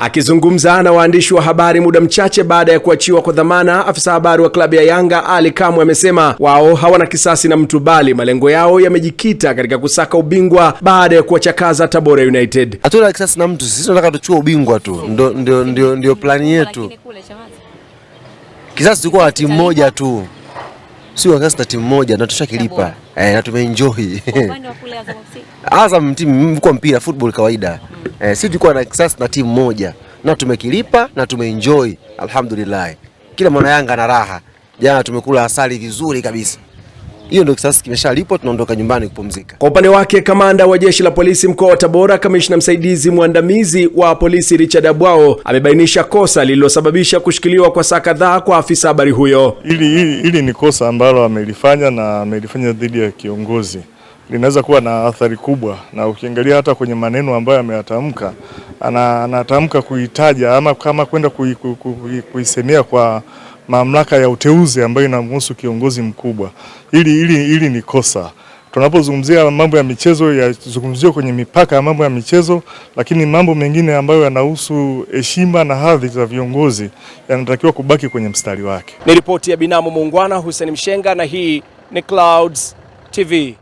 Akizungumza na waandishi wa habari muda mchache baada ya kuachiwa kwa dhamana, afisa habari wa klabu ya Yanga Ali Kamwe amesema wao hawana kisasi na mtu, bali malengo yao yamejikita katika kusaka ubingwa baada ya kuwachakaza Tabora United. Hatuna kisasi na mtu, sisi tunataka tuchukue ubingwa tu, ndio plani yetu. Kisasi tulikuwa na timu moja tu si Yanga na timu moja na tushakilipa eh, na tumeenjoy Azam timu kwa mpira football kawaida mm. Eh, si tulikuwa na kisasa na timu moja na tumekilipa na tumeenjoy alhamdulillah, kila mwana Yanga na raha. Jana tumekula asali vizuri kabisa hiyo ndio kisasi kimeshalipwa, tunaondoka nyumbani kupumzika. Kwa upande wake, kamanda wa jeshi la polisi mkoa wa Tabora, kamishna msaidizi mwandamizi wa polisi Richard Abwao amebainisha kosa lililosababisha kushikiliwa kwa saa kadhaa kwa afisa habari huyo. Hili ni kosa ambalo amelifanya na amelifanya dhidi ya kiongozi linaweza kuwa na athari kubwa, na ukiangalia hata kwenye maneno ambayo ameyatamka, anatamka kuitaja ama kama kwenda kuisemea kui, kui, kui kwa mamlaka ya uteuzi ambayo inamhusu kiongozi mkubwa. Hili ili, ili ni kosa. Tunapozungumzia mambo ya michezo yazungumziwa kwenye mipaka ya mambo ya michezo, lakini mambo mengine ambayo yanahusu heshima na hadhi za viongozi yanatakiwa kubaki kwenye mstari wake. Ni ripoti ya binamu muungwana Hussein Mshenga na hii ni Clouds TV.